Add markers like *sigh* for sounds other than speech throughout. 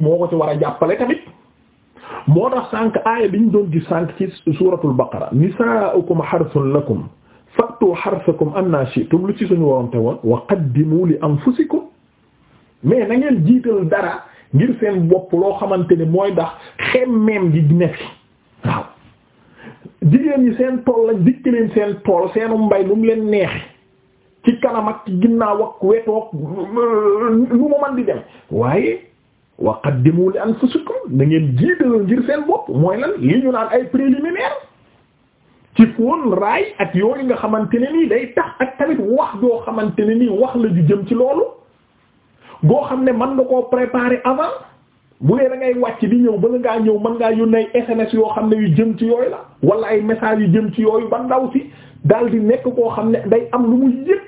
moo ko ci war a jàppale tamit moo tax sànq aaya bi doon gis sànq ci suuratul baqara nisaa'ukum harthun lakum fa'tu harthakum anna shi'tum lu ci suñu waronte woon wa qaddimu li anfusikum mais na ngeen jiital dara ngir seen bopp loo xamante ne mooy ndax xemmeem gi ne fi waaw jigéen ñi seen tool lañ dikk leen seen tool seenu mbay lu mu leen neexi ci kanamak ak ci ginnaaw ak wetoog euh, nu mu man di dem waaye wa qaddimu li anfusikum da ngeen jiitalal ngir seen bopp mooy lan li ñu naan ay préliminaire ci fóon raay ak yooyu nga xamante ne nii day tax ak tamit wax joo xamante ne nii wax la ju jëm ci loolu goo xam ne mën nga koo préparer avant bu dee da ngay wàcc di ñëw bala ngaa ñëw mën ngaa yónnee ay SMS yoo xam ne yu jëm ci yooyu la wala ay messages yu jëm ci yooyu ba ndaw si daal di nekk koo xam ne day am lu mu yëg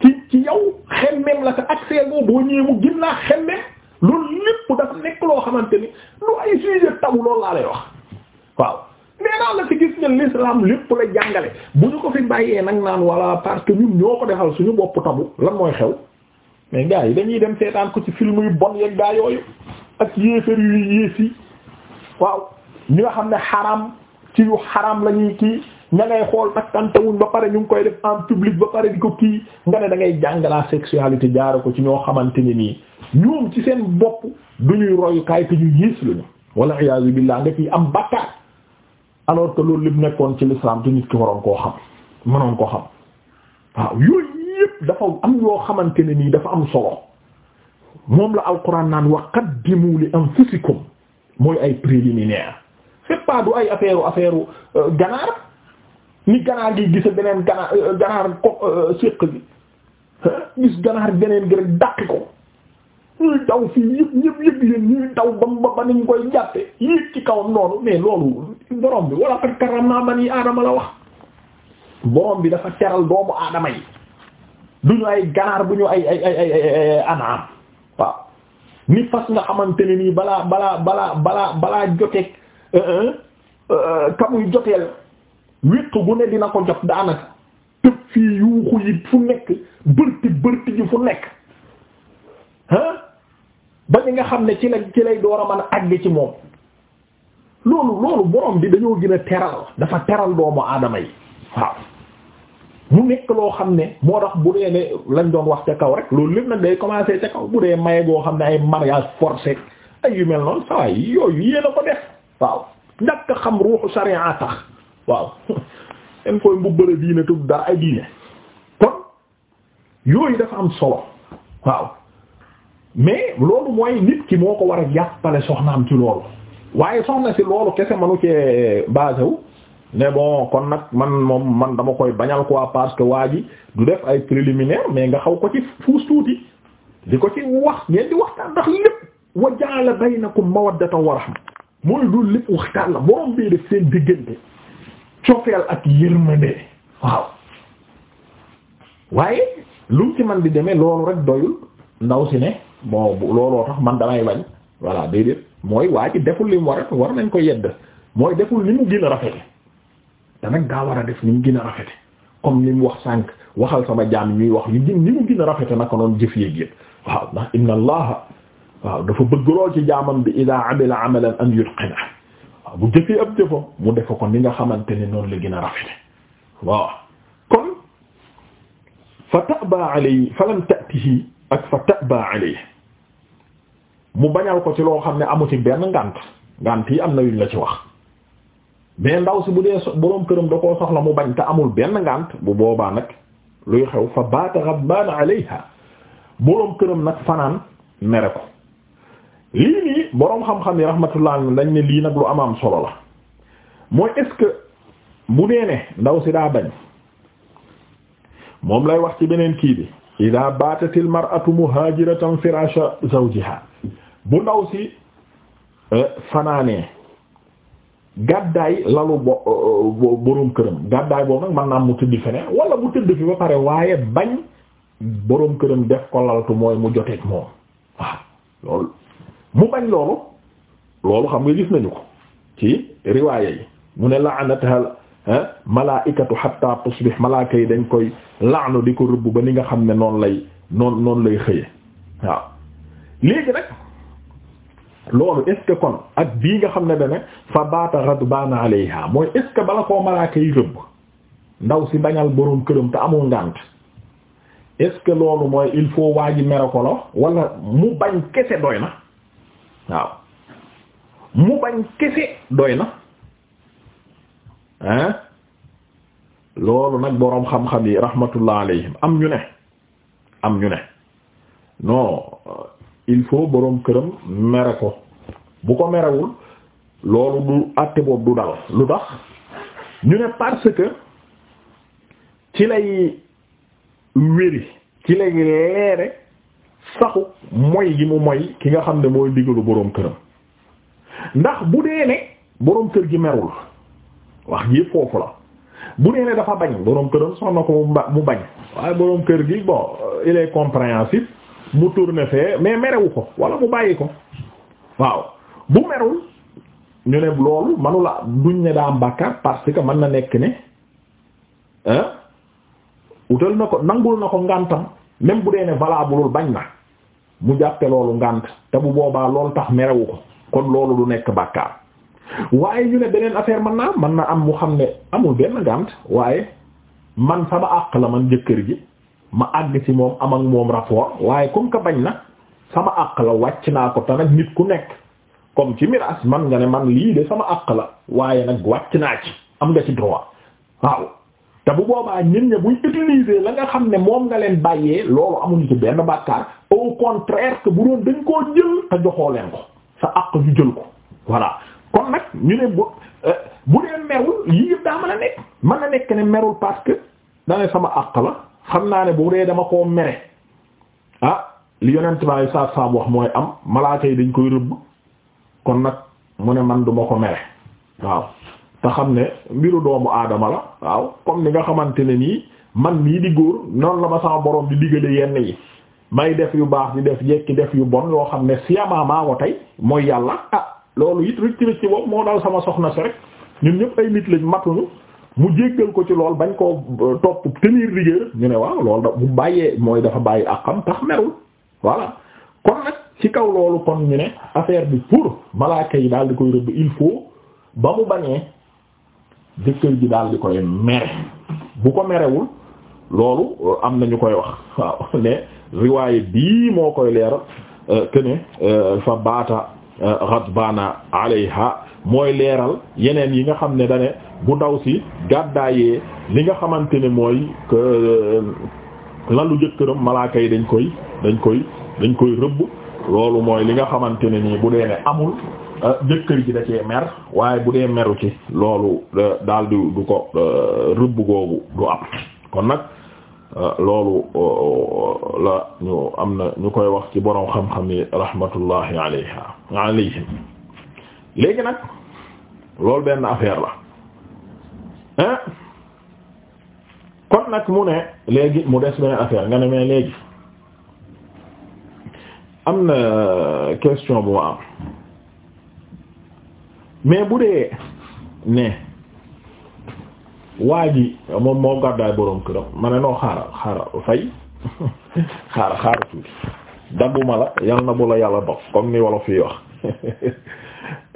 ci ci yow xemmeem la sa accès boo mu gën laa loolu lépp dafa nekk loo xamante ni lu ay sujet tabu loolu laa lay wax waaw nee naa la ci gis ne l'islam lépp la jàngale bu ñu ko fi bàyyee nag naan wala parce que ñun ñoo ko defal suñu bopp tabu lan mooy xew mais gars yi dañuy dem seetaan ko ci film yu bon yeeg gaa yooyu ak yéefar yu yées yi waaw ñi nga xam ne xaram ci yu xaram la kii ña ngay xool takkante wuñ ba pare ñu ngi koy def en public ba pare di ko kii nga ne da ngay jàng la jaare ko ci ñoo xamante ne nii ñoom ci seen bopp du ñuy royukaay te ñu yées lu ñu iyaazu billah nga ciy am bakkaar alors que loolu lim nekkoon ci l'islam te nit ki waroon koo xam mënoon koo xam waaw yooyu yëpp dafa am yoo xamante ne nii dafa am solo moom la alquran naan wa qaddimu li anfusikum mooy ay préliminaire c'est pas du ay affaire affaire euh, ganaar ni ganaar gi gise beneen ganaar euh, ganaar ko euh, séq bi gis ganaar beneen gi rek dàqi ko ñuy daw fii yëpp yëpp yëpp leen ñuy daw bam ba ba niñ koy jàppe yéeg ci kaw noonu mais loolu borom bi wala fa karam naa man yi aadama la wax borom bi dafa teral doomu aadama yi du ñu ay ganaar bu ñu ay ay ay ay anaam waaw ni fas nga xamante ne nii balaa balaa balaa balaa balaa joteeg euh, kamuy joteel wéq gu ne dina ko jot daanaka tëb fii yuuxu yi fu nekk bërti bërti ji fu nekk ah ba ni nga xam ne ci la ci lay door a mën a ci moom loolu loolu borom bi dañoo gën a teral dafa teral doomu aadama yi waaw mu nekk loo xam ne moo tax bu dee lañ doon wax ca kaw rek loolu lépp nag day commencer ca kaw bu dee maye goo xam ne ay mariage forcé ay yu mel noonu saa yooyu yéen a ko def waaw ñàkk xam ruuxu sariya tax. waaw dañ koy mbubbale diine tub daa ay diine kon yooyu dafa am solo waaw mais loolu mooy nit ki moo ko war a jàppale soxnaam ci loolu waaye soxna si loolu kese manu cee basé wu ne bon kon nag man moom man dama koy bañal quoi parce que waa ji du def ay préliminaire mais nga xaw ko ci fuus tuuti di ko ci wax ngeen di waxtaan ndax lépp wa ja'ala baynakum mawaddatan wa rahma mooy loolu lépp waxtaan la borom bii def seen diggante cofeel ak yërmande waaw waaye lu mu ci man di demee loolu rek doyul ndaw si ne bon looloo tax man damay bañ voilà déedéet mooy waa ji deful li mu war nañ ko yedd mooy deful ni mu gën a rafete te nag daa war a def ni mu gën a rafete comme li mu wax sànq waxal sama jaam ñuy wax yu gën ni mu gën a rafete naka noonu jëf yéeg yépp waaw ndax inna allaha waaw dafa bëgg lool ci jaamam bi ida amila amalan an yutqina waaw bu jëfee ab jëfam mu defe ko ni nga xamante ni noonu la gën a rafete waaw kon fa taba alay fa lam tatihi ak fa taba alay mu bañal ko ci loo xam ne amu ci benn ngànt ngànt yi am na yuñ la ci wax mais ndaw si bu dee boroom këram da koo soxla mu bañ te amul benn ngànt bu boobaa nag luy xew fa baata ghadbaan alayha boroom këram nag fanaan mere ko lii nii boroom xam-xam yi rahmatullah dañ ne lii nag lu am am solo la mooy est bu dee ndaw si daa bañ moom lay wax ci beneen kii bi ida baatatil mar'atu muhajiratan firasha zawjiha bu ndaw si eh, fanaanee gàddaay lalu bo eh, boroom këram gàddaay boobu nag mën naa mu tëdd feneen wala bu tëdd fi ba pare waaye bañ boroom këram def ko laltu mooy mu joteeg moom waaw loolu mu bañ loolu loolu xam nga gis nañu ko ci riwaaya yi mu ne la'anatha malaikatu hatta tusbih malaaka yi dañ koy laanu di ko rëbb ba ni nga xam ne noonu lay noon noonu lay xëye waaw léegi nag loolu est kon ak bii nga xam ne dane fa baata ghadbana alayha mooy est bala koo malaaka yi rëbb ndaw si bañal boroom këram te amul ngànt est loolu mooy il faut waa ji mere ko mu bañ kese doy na waaw mu bañ kese doy na hein loolu nag boroom xam-xam yi rahmatullah alayhim am ñu ne am ñu ne non euh, il faut boroom këram mere ko bu ko merewul loolu du àtte boobu du dal lu tax ñu ne parce que ci lay wéri ci lay leere saxu moy gi mu moy ki nga xam ne mooy ndigalu boroom këram ndax bu dee ne boroom kër gi merul wax ji foofu la bu dee ne dafa bañ boroom këram soxna ko mu bañ waaye boroom kër gi bon il est mu tourne fee mais merewu ko wala mu bàyyi ko waaw bu merul ñu ne loolu manula duñ ne daa am bàkkaar parce que mën na nekk ne utal na ko nangul na ko ngàntam même bu dee ne valabulul bañ na mu jàppe loolu ngànt te bu boobaa loolu tax merewu ko kon loolu du nekk bàkkaar waaye ñu ne beneen affaire man naa man na am mu xam ne amul benn ngànt waaye man sama àq la man jëkkër ji ma àgg ci moom am moom rapport waaye comme que bañ na sama àq la wàcc naa ko te nag nit ku nekk comme ci miraas man nga ne man lii de sama àq la waaye nag wàcc naa ci am nga ci droit waaw te bu boobaa ñun ña buñ utiliser la nga xam ne moom nga leen bàyyee loolu amuñu ci benn bàkkaar au contraire que bu doon dañ koo jël te joxoo leen ko sa àq ñu jël ko voilà kon nag ñu ne bu euh, bu dee merul yii yëpp daa mën a nekk mën a nekk ne merul parce que sama àq la xam naa ne bu dee dama koo mere ah li yonent baay saa saam wax mooy am malaaka yi dañ koy rëbb kon nag mu ne man duma ko mere waaw te xam ne mbiru doomu aadama la waaw comme ni nga xamante ne nii man mii di góor noonu la ma sama boroom di diggale yenn yi may def yu baax di def yekki def yu bon yoo xam ne siamaa maa tey mooy yàlla ah loolu it rëcc rëcc boobu moo dal sama soxna si rek ñun ñëpp ay nit lañ matuñu mu jéggal ko ci lool bañ koo euh, topp tenir rigueur ñu ne wax loolu da bu bàyyee mooy dafa bàyyi àqam tax merul voilà kon nag ci kaw loolu kon ñu ne affaire bi pour malaaka yi daal di ba jëkkër ji daal di koy mere bu ko merewul loolu euh, am na ñu koy wax *laughs* waaw ne riwaaye bii moo koy leer euh, que ne euh, fa baata ghadbana alayha mooy leeral yeneen yi nga xam ne dane bu ndaw si gàddaayee li nga xamante ne mooy que lalu jëkkëram malaaka yi dañ koy dañ koy dañ koy rëbb loolu mooy li nga xamante ne nii bu dee ne amul jëkkër euh, ji da cee mer waaye bu dee meru ci loolu euh, daal di du ko euh, rëbb googu du am kon nag loolu la ñu am na ñu koy wax ci boroom xam-xam yi rahmatullahi nag loolu benn affaire la kon nag mu des beneen affaire nga ne mais léegi am na question bu ma am mais bu dee ne waa ji moom moo gàddaay boroom këram ma ne noo xaaral xaaral fay *laughs* xaaral xaaral tuuti dagguma la yal na bu la yàlla dox comme ni wolof yi wax *laughs*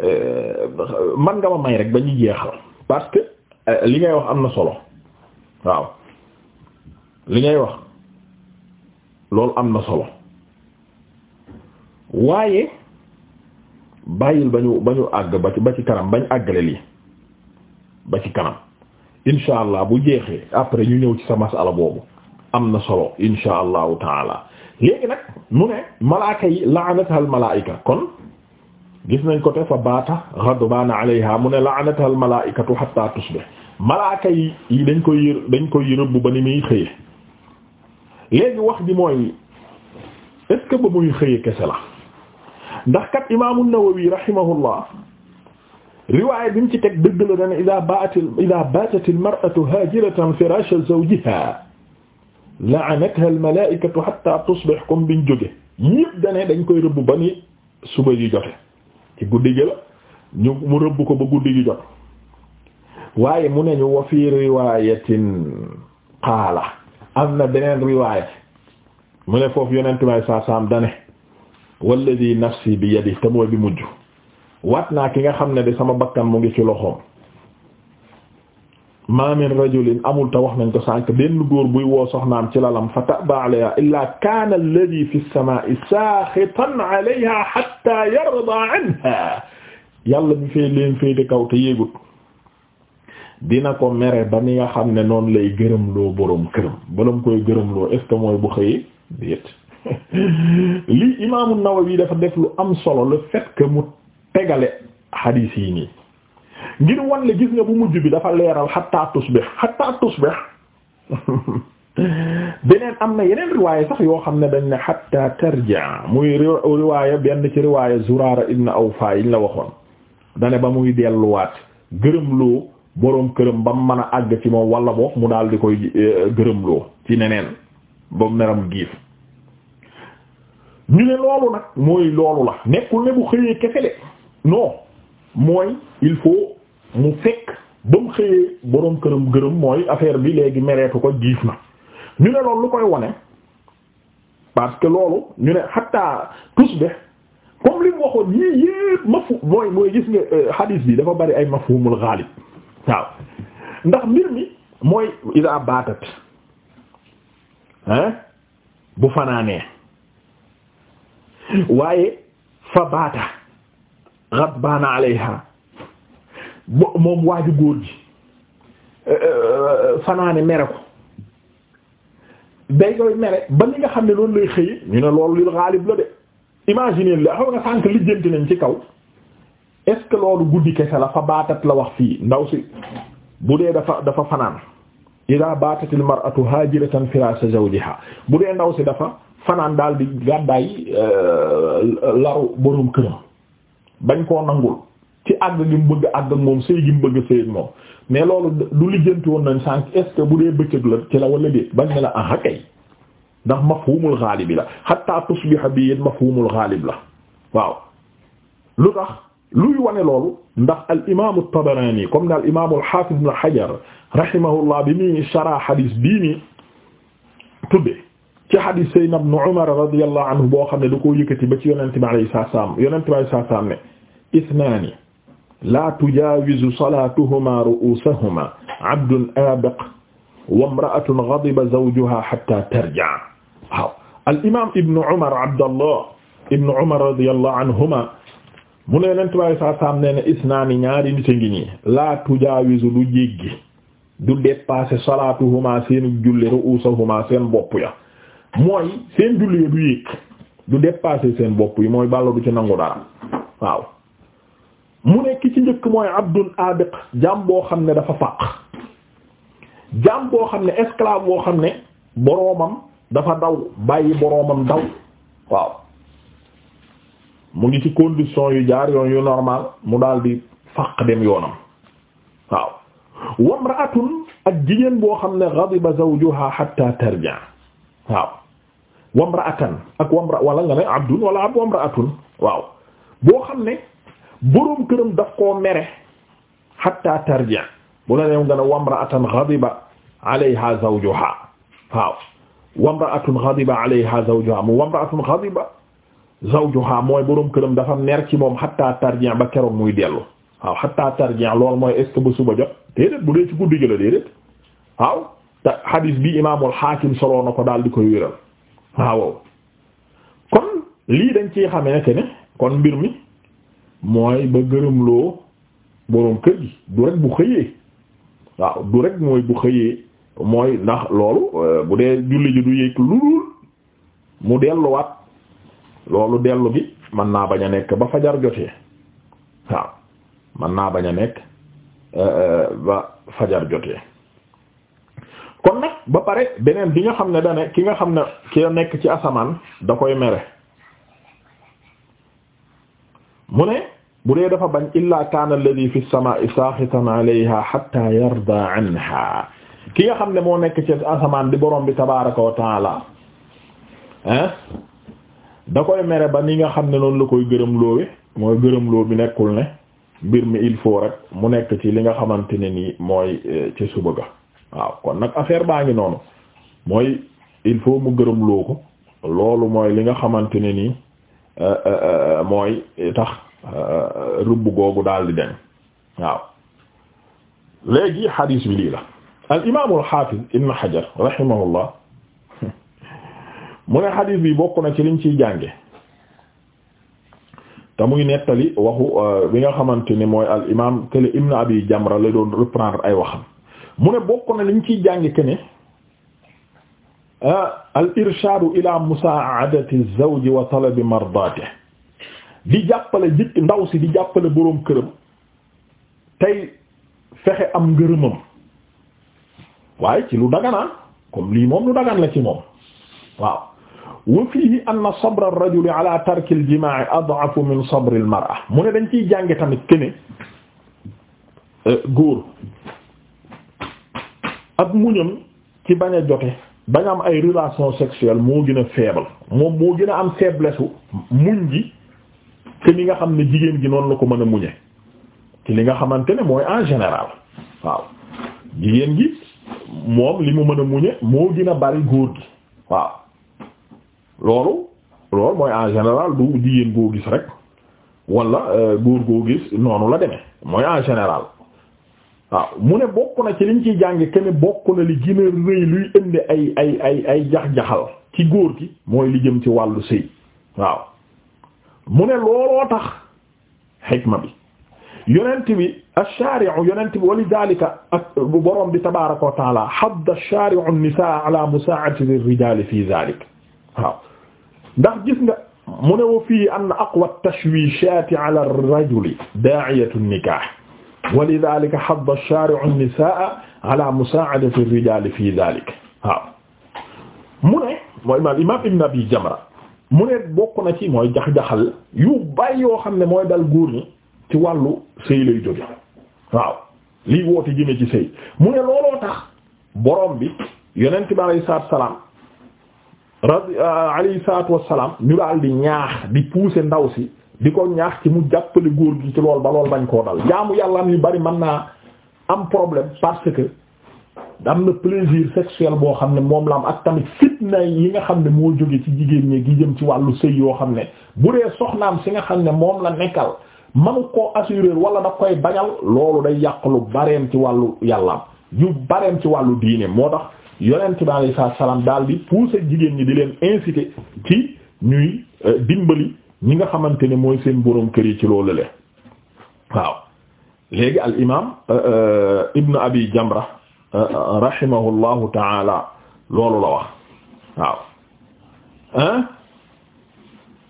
euh, man nga ma may rek ba ñu jeexal parce que euh, li ngay wax am na solo waaw li ngay wax loolu am na solo waaye bàyyil ba ñu ba ñu àgg ba ci kanam bañ àggale lii ba ci kanam incha allah bu jeexee après ñu ñëw ci sa masala boobu am na solo incha allahu taala léegi nag mu ne malaaka yi la'anataha malaayika kon gis nañ ko te fa baata ghadbana alayha mu ne la'anataha malaayikatu hatta tusbih malaaka yi dañ koy dañ koy yërëbbu ba ni muy xëyee léegi wax ji mooy est ba muy xëyee kese la ndax kat imaamu Nawawi rahimahullah riwaaya bi mu ci teg dëgg la dana idaa baatil idaa baatatil mar'atu haajiratan firaasha zawjihaa la'anathaa al-malaa'ikatu hattaa tusbih comme biñ jóge yëpp dañ koy rëbb ba ni suba yi jote ci guddi gi mu rëbb ko ba guddi gi waaye mu ne ñu wa fii riwaayatin qaala am beneen riwaaya mu ne foofu yonent may saa saam dane walladi nafsi bi yadi te mooy bi mujj waat naa ki nga xam ne de sama bakkan mu ngi ci loxoom ma min rajulin amul te wax nañ ko sànk benn góor buy woo soxnaam ci lalam fa taba alayha illa kaana alladi fi samaai saaxitan alayha hatta yarda anha yàlla mi fee leen féete kaw te yéegut dina ko mere ba ni nga xam ne noonu lay gërëmloo boroom këram balam koy gërëmloo est ce que mooy bu xëyee déet *laughs* li imaamu Nawawi dafa def lu am solo le fait que mu tegale xadiis yi nii ngir wan gis nga bu mujj bi dafa leeral xatta tusbih xatta tusbih *laughs* beneen am na yeneen riwaaya sax yoo xam ne dañ ne xatta tarja muy riwaaya benn ci riwaaya Zuraara ibn Awfa yiñ la waxoon dane ba muy delluwaat gërëm gërëmloo boroom këram ba mu mën a àgg ci moom wala boog mu daal di koy eh, gërëmloo ci neneen ba mu meram giif ñu ne loolu nag mooy loolu la nekkul ne bu xëyee kese de non mooy il faut mu fekk ba mu xëyee boroom këram gërëm mooy affaire bi léegi mereeku ko giif na ñu ne loolu lu koy wone parce que loolu ñu ne xatta tus be comme li mu waxoon yii yépp mafu mooy mooy gis nga euh, hadith bi dafa bari ay mafhumul ghalib waaw ndax mbir mi mooy ida baatat hein bu fanaanee waaye fa baata ghadbana alayha moom waaju góor ji eh, eh, eh, fanaane mere ko day mere ba ni nga xam ne loolu lay xëyi ñu ne loolu lil ghalib la de imaginer la xam nga sànk lijjanti nañ ci kaw est loolu guddi kese la fa baatat la wax fii ndaw si bu dee dafa dafa fanaan ida baatatil mar'atu hajiratan firasa zawjiha bu dee ndaw si dafa fanaan daal di gàddaay euh, laru borom këram bañ koo nangul ci àgg gi mu bëgg àgg ak moom sëy gi mu bëgg sëy ak moom mais loolu du lijjanti woon nañ sànq est-ce que bu dee bëccëg la ci la wala déet bañ ne la ah kay ndax mafhumul xaalib la hatta tusbiha bi mafhumul xaalib la waaw lu tax luy wane loolu ndax al imaamu Tabarani comme ne al imaamu al xaafiz ibn Hajar rahimahullah bi muy sarah hadis bii nii ci hadith Sayyidina Ibn Umar radiyallahu anhu boo xam ne da koo yëkkati ba ci yonent bi alayhi salaam yonent bi alayhi salaam ne isnaani laa tujaawizu salaatuhumaa ru'uusahumaa abdun aabiq wa imra'atun ghadiba zawjuhaa hattaa tarji'a waaw al imaam Ibn Umar Abdallah Ibn Umar radiyallahu anhumaa mu ne yonent bi alayhi salaam ne ne isnaani ñaari nit a ngi nii laa tujaawizu du jéggi du dépasser salaatuhumaa seen julli ru'uusahumaa seen bopp ya mooy seen julli du yéeg du dépasser seen bopp yi mooy bàlla du ci nangu dara waaw mu ne ki ci njëkk mooy abdun abiq jaam boo xam ne dafa faq jaam boo xam ne esclave boo xam ne boroomam dafa daw bàyyi boroomam daw waaw mu ngi ci condition yu jaar yoon yu normal mu daal di faq dem yoonam waaw wamraatun ak jigéen boo xam ne ghadiba zawjuha hatta tarja waaw wamraatan ak wamra wala nga ne abdun wala waaw boo xam ne boroom këram daf koo mere hatta tarji' bu la neew nga ne wamraatan ghadiba alayha zawjuha waaw wamraatun ghadiba alayha ghadiba zawjuha mooy boroom këram dafa mer ci moom hatta tarji' ba keroog muy dellu waaw hatta tarji' lool mooy est ce que ba suba jot déedéet bu dee ci guddi gi la déedéet waaw te bi imaamul Haakim soloo na ko daal di koy wéral waaw kon lii dañ ci xamee que ne kon mbir mi mooy ba gërëmloo boroom kër gi du rek bu xëyee waaw du rek mooy bu xëyee mooy ndax loolu euh, bu dee julli ji du yëg lu mu delluwaat loolu dellu gi mën naa bañ a nekk ba fajar jotee waaw mën naa bañ a nekk euh, euh, ba fajar jotee ba pare beneen bi nga xam ne dane ki nga xam ne ki nekk ci asamaan da koy mere mu ne bu dee dafa bañ illa kaana alladhi fi as-samaa'i saaxitan alayha hatta yarda anha ki nga xam ne moo nekk ci asamaan di borom bi tabaaraka wa ta'aala hein da koy mere ba ni nga xam ne noonu la koy gërëm loowe mooy gërëm loo bi nekkul ne mbir mi il faut rek mu nekk ci li nga xamante ne nii mooy eh, ci suba ga waaw kon nag affaire baa ngi noonu mooy il faut mu gërëm loo loolu mooy li nga xamante ne nii euh, euh, euh, mooy tax rëbb googu daal de dem waaw léegi hadis bi lii la al imaam al ibn Hajar rahimahullah mu ne hadis bi bokk na ci liñ ciy jànge te muy nettali waxu bi nga xamante ne mooy al imaam kële ibn Abi Jamra la doon reprendre ay waxam mu ne bokk na liñ ciy jàng ke ne ah, al irshadu ila musaadati az-zawj wa talabi di jàppale jikk ndaw si di jàppale boroom këram fexe am ngërëmam waaye ci lu daganaan ah, comme lii moom lu dagan la ci moom waaw wa fiihi anna sabra ar-rajuli ala tarki al-jimaa'i ad'afu min mu ne dañ ciy jànge tamit ke ne eh, góor ak muñam ci bañ a jote bañ am ay relation sexuelle moo gën a faible moom moo gën a am faiblesse muñ gi te ni nga xam ne jigéen gi noonu la ko mën a muñe ci li nga xamante ne mooy en général waaw jigéen gi moom li mu mën a muñe moo gën a bari góor gi waaw loolu loolu mooy en général du jigéen goo gis rek wala euh, góor goo gis noonu la demee mooy en général waaw mu ne bokk na ci liñ ciy jànge kenn bokk na li gën a rëy luy indi ay ay ay ay jax-jaxal ci góor gi mooy li jëm ci wàllu sëy waaw mu ne looloo tax xikma bi yonent bi ash-shari'u yonent bi wali dalika ak borom bi tabaraka wa taala hadda ash-shari'u an-nisaa ala musaa'adati ar-rijaal fi dhalik waaw ndax gis nga mu ne wa fii anna aqwa at-tashwiishaati ala ar-rajuli daa'iyatu an-nikaah wa lidaalika hadda ash-shaari'u an-nisaa ala musaa'adati ar-rijaal fi daalik waaw mu ne mooy maal imaam Ibn Abi Jamra mu ne bokk na ci mooy jax-jaxal yu bàyyi yoo xam ne mooy dal góor ñi ci wàllu sëy lay jóge waaw lii woote jëme ci sëy mu ne looloo tax borom bi yonent bi alayhi salaatu wa salaam radi alayhi salaatu wa salaam ñu daal di ñaax di pousser ndaw si di ko ñaax ci mu jàppale góor gi ci lool ba lool bañ koo dal jaamu yàlla yu bari man naa am problème parce que am na plaisir sexuel boo xam ne moom la am ak tamit fitna yi nga xam ne moo jóge ci jigéen ñi gi jëm ci wàllu sëy yoo xam ne bu dee soxnaam si nga xam ne moom la nekkal manu koo assurer wala da koy bañal loolu day yàq lu bareem ci wàllu yàllaam yu bareem ci wàllu diine moo tax yonent bi alayhi salaam daal di pousser jigéen ñi di leen inciter ci ñuy euh, dimbali ñi nga xamante ni mooy seen boroom kër yi ci loolu le waaw léegi al imaam euh, euh, ibnu abi jamra euh, rahimahullahu taala loolu la wax waaw hein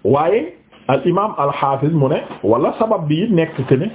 waaye al imaam al xaafiz mu ne wala sabab bi it nekk que ne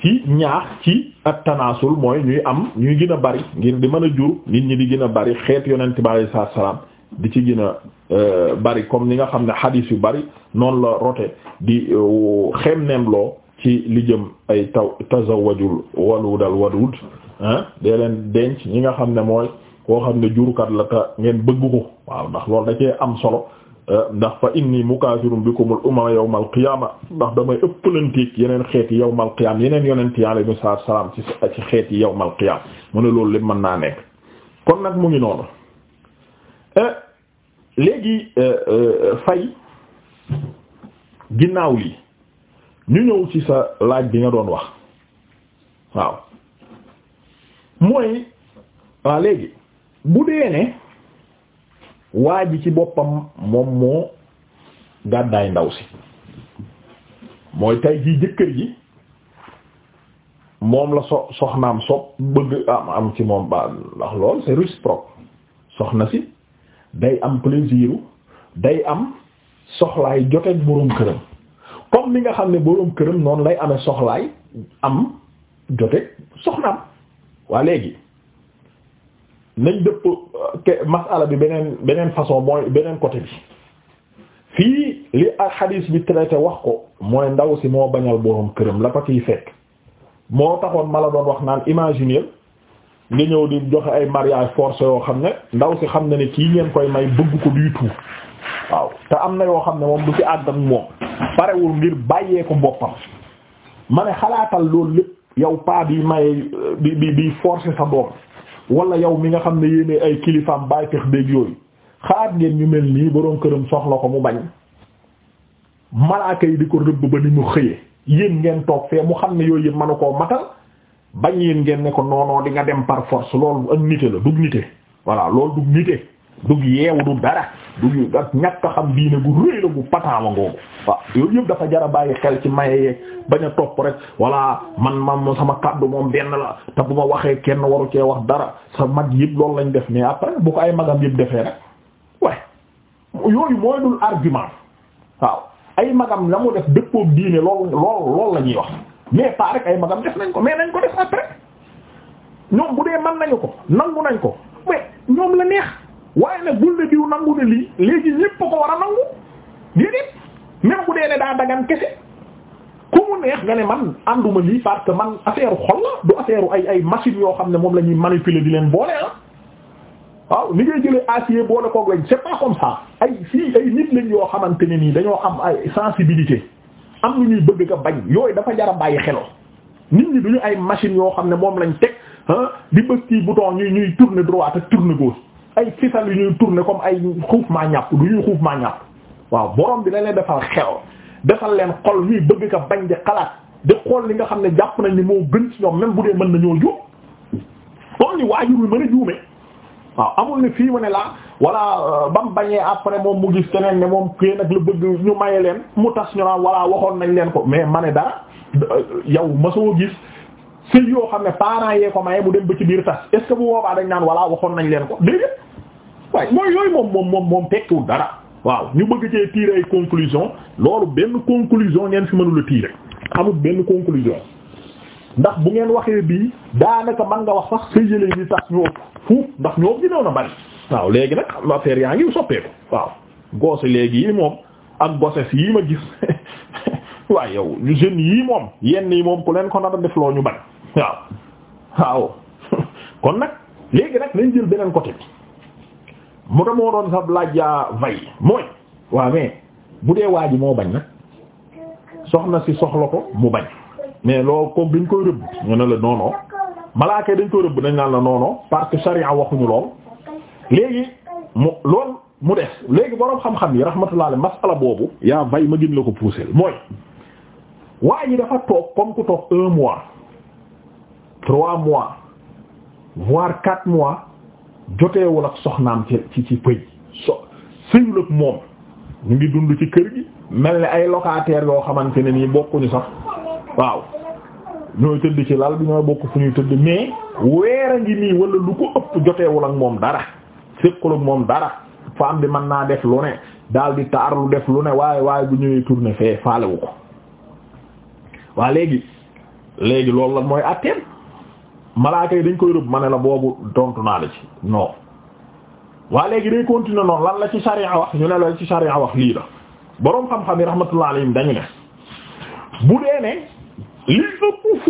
ci ñaax ci at tanaasul mooy ñuy am ñuy gën a bari ngir di mën a jur nit ñi di gën a bari xeet yonent bi salaam di ci gën a Euh, bari comme ni nga xam ne xadiis yu bari noonu la rote di euh, xem nemloo ci li jëm ay taw tazawajul waludal wadud ah dee leen denc ñi nga xam ne mooy koo xam ne jurukat la ta ngeen bëgg ko waaw ndax loolu da am solo euh, ndax fa inni mukaafirun bikumul umama yawmal qiyaama ndax damay ëppalanteeg yeneen xeet yi yawmal qiyaam yeneen yonent yi alayhimu salaatu salaam ci ci xeet yi yawmal qiyaam mu loolu lépp mën naa nekk kon nag mu ngi noonu eh, léegi euh, euh, fay ginnaaw li ñu ñëw ci sa laaj bi nga doon wax waaw mooy waaw léegi bu dee ne waa ji ci boppam moom moo gàddaay ndaw si mooy tay jii jëkkër ji moom la so soxnaam sopp bëgg am am ci moom ba ndax lool c'est réciproque soxna si day am plaisir day am soxlaay joteeg boroom këram comme ni nga xam ne boroom këram noonu lay amee soxlaay am joteeg soxnaam waa léegi nañ dëpp masala bi beneen beneen façon mooy beneen côté bi fii li hadis bi traité wax ko mooy ndaw si moo bañal boroom këram la ko ciy fekk moo taxoon ma la doon wax naan imaginer nga ñëw di joxe ay mariage forcé yoo xam ne ndaw si xam ne ne kii ngeen koy may bëgg ko du tout waaw te am na yoo xam ne moom du ci àddam moom parewul ngir bàyyee ko boppam ma ne xalaatal loolu lépp yow paa bi may bi bi bi forcé sa doom wala yow mi nga xam ne yéene ay kilifaam baay fex déeg yooyu xalaat ngeen ñu mel nii boroom këram soxla ko mu bañ malaaka yi di ko rëbb ba ni mu xëyee yéen ngeen toog fee mu xam ne yooyu ma manu koo matal bañ yeen ngeen ne ko noonoo di nga dem par force loolu ak nite la dug nite voilà loolu dug nite dug yeewu du dara dug ak ñàkk a xam diine gu rëy la gu pataawa ngoogu waaw yooyu yëpp dafa jara bàyyi xel ci maye yeeg bañ a topp rek voilà man man sama kàddu moom benn la te bu ma waxee kenn waru cee wax dara sa mag yëpp loolu lañu def mais après bu ko ay magam yëpp defee rek waaye yooyu mooy dul argument waaw ay magam la mu def dëppook diine lool lool lool la ñuy wax mais pas rek ay magam def nañ ko mais nañ ko def après ñoom bu dee mën nañu ko nangu nañ ko mais ñoom la neex waaye nag bul ne diw nangu ne lii léegi ñépp ko war a nangu déedéet même bu dee ne daa dagan kese ku mu neex nga ne man ànduma lii parce que man affaire xol la du affaire ay ay machine yoo xam ne moom la ñuy manipuler di leen boole ah waaw li ngay jëlee acier boole koog lañ c'est pas comme ça ay fii ay nit lañ yoo xamante ne nii dañoo am ay sensibilité am lu ñuy bëgg ka bañ yooyu dafa jara bàyyi xeloo nit ñi duñu ay machine yoo xam ne moom lañ teg ah, di bës ci bouton ñuy ñuy tourner droite ak tourner gauche ay fisal yu ñuy tourner comme ay xuuf maa ñàpp du ñuy xuuf maa ñàpp waaw borom bi la leen defal xeloo defal leen xol ñuy bëgg ka bañ di xalaat di xool li nga xam ne jàpp nañ ni moo gën ci ñoom même bu dee mën nañoo juum comme ni waajur wi mën a juume waaw amul ne fii mu ne la walla euh, ba mu bañee après moom mu gis keneen ne moom kii nag la bëgg ñu maye leen mu tas ñu naan walla waxoon nañ leen ko mais ma ne dara euh, yow masoo gis sëy yoo xam ne parents yee ko maye mu dem ba ci biir tas est ce que bu boobaa dañ naan walla waxoon nañ leen ko déedéet waaye mooy yooyu moom moom moom moom tekkiwul dara waaw ñu bëgg cee tirer ay conclusion loolu benn conclusion ngeen fi manula tirer amul benn conclusion ndax bu ngeen waxee bii daanaka man nga wax sax say yëlee yi tax ñu ëpp fuuf ndax ñu ëpp dina bari waaw léegi nag am affaire yaa ngi soppeeku waaw goose léegi yi moom ak gosses yii ma gis *laughs* waa yow jeunes yii moom yenn yi moom ku leen ko nar a def loo ñu bañ waaw waaw *laughs* kon nag léegi nag nañ jël beneen côté bi mu da moo doon sab laajjaa vay mooy waaw mais bu dee waa ji moo bañ nag soxna si soxla ko mu bañ mais loolu comme dañ koy rëbb ñu ne la non non dañ koy rëbb dañ naan la non parce que charia waxuñu lool léegi mu lool mu des léegi boroom xam-xam yi rahmatullah alayhi masala boobu yaa vay ma gën la ko pousser mooy waa ji dafa toog comme ku toog un mois trois mois voire quatre mois joteewul ak soxnaam ci ci ci pëy so sëyul moom ñu ngi dund ci kër gi mel ni ay locataire yoo xamante ne nii bokkuñu sax waaw ñooy tëdd ci lal bi ñooy bokk fu ñuy tëdd mais weer a ngi nii wala lu ko ëpp joteewul ak moom dara séqul ak moom dara am bi mën naa def lu ne daal di taar lu def lu ne waaye waaye bu ñëwee tourner fee faalewu ko waa léegi léegi loolu la mooy àtteem malaaka yi dañ koy rëbb ma ne la boobu tontu naa la ci non waa léegi day continuer noonu lan la ci sharia wax ñu ne la ci sharia wax lii la boroom xam-xam yi rahmatullah alayhim dañu ne bu dee ne lii ëpp fuuf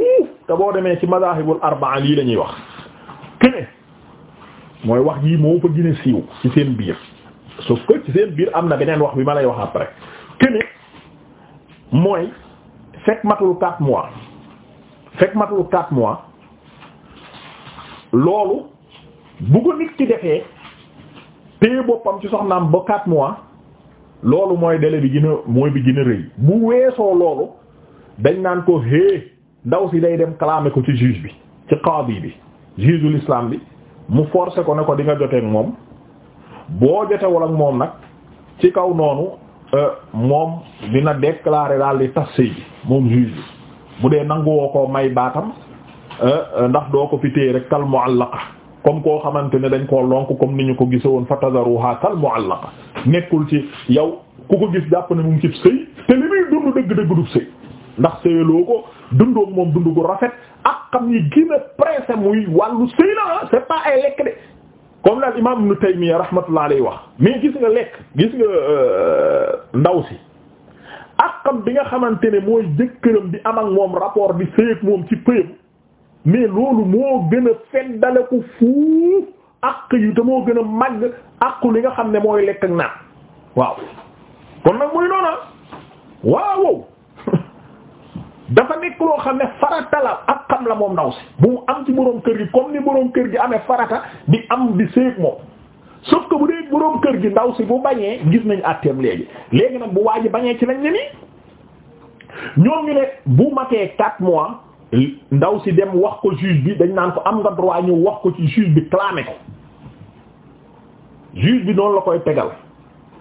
te boo demee ci madahibul arbaa lii la wax kene mooy wax jii moo fa gën a siiw ci seen biir sauf que ci seen biir am na beneen wax bi ma lay wax après kene mooy fekk matul quatre mois fekk matul quatre mois loolu bu ko nit ki defee téye boppam ci soxnaam ba quatre mois loolu mooy délai bi gën mooy bi gën rëy bu weesoo loolu dañ naan ko hé ndaw si day dem clamé ko ci juge bi ci qaadi bi juge ul islam bi mu forcé ko ne ko di nga jotee moom boo jotewul ak moom nag ci kaw noonu euh, moom dina déclarer daal di tas sëy bi moom juge bi bu dee nanguwoo ko may baatam euh, ndax doo ko fi téye rek kal mu'allaqa comme koo xamante ne dañ koo lonk comme ni ñu ko gise woon fatazaruha kal mu'allaqa nekkul ci yow ku ko gis jàpp ne mu ngi cib te li muy dund dëgg du sëy ndax sëyaloo ko dundoog moom dund gu rafet ak xam yi gën a pressé muy wàllu sëy la c'est pas ay lekk de comme daal imam Ibn Taymiyya rahmatullah alayhi wax mais gis nga lekk gis nga euh, ndaw si ak xam bi nga xamante ne mooy jëkkëram di am ak moom rapport di sëy ak moom ci pëyam mais loolu moo gën a feddale ko fuuf ak yu te moo gën a màgg ak li nga xam ne mooy lekk ak naan waaw kon muy noona ah. waaw dafa nekk loo xam ne farata la ak xam la moom ndaw si bu mu am ci boroom kër gi comme ni boroom kër gi amee farata di am di séeg moom sauf que bu dee boroom kër gi ndaw si bu bañee gis nañ àtteem léegi léegi nag bu waaji bañee ci lañ ne nii ñoom ñu ne bu matee quatre mois ndaw si dem wax ko juge bi dañ naan ko am nga droit ñu wax ko ci juge bi clamé ko juge bi noonu la koy tegal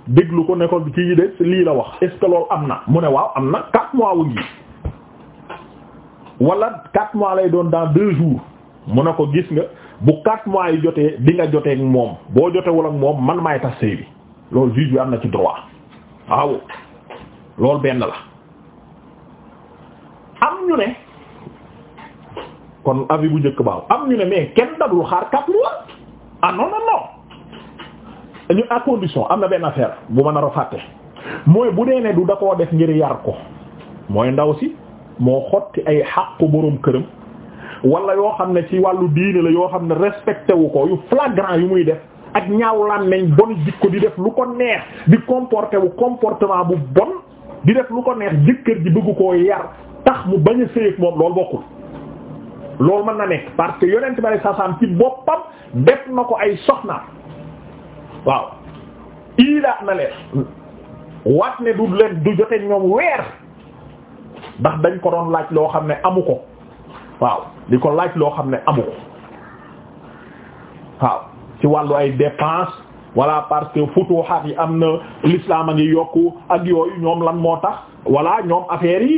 déglu ko ne ko kii de lii la wax est am na mu ne waaw am na quatre mois wu wala quatre mois lay doon dans deux jours mu ne ko gis nga bu quatre mois yi jotee di nga jotee ak moom boo jotewul ak moom man maay tas sëy loolu juge bi am na ci droit waaw loolu benn la am ñu ne kon avis bu njëkk baaw am ñu ne mais kenn dadul xaar quatre mois ah non ñu à am na benn affaire bu mën a rafàtte mooy bu dee ne du da def ngir yar ko mooy ndaw si moo xotti ay xàqu boroom këram wala yoo xam ne ci wàllu diine la yoo xam ne respecté wu ko yu flagrant yu muy def ak ñaaw lan nañ bon ko di def lu ko neex di comporté wu comportement bu bon di def lu ko neex jëkkër ji bëgg koo yar tax mu bañ a séyeg moom loolu bokkul loolu mën na nekk parce que yonent bi sallallahu alayhi wasallam ci boppam def na ko ay soxna waaw iida na leen waat ne du du jote ñoom weer ndax dañ ko doon laaj loo xam ne amu ko waaw di ko laaj loo xam ne amu ko waaw ci wàllu ay dépense wala parce que futuhaat yi am na lislaam a ngi yokku ak yooyu ñoom lan moo tax walaa ñoom affaire yi